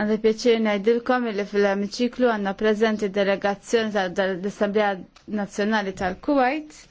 Għandi pjaċir najdilkom li fil-emiċiklu għanna prezenti delegazzjoni tal-Assemblea Nazzjonali tal-Kuwait.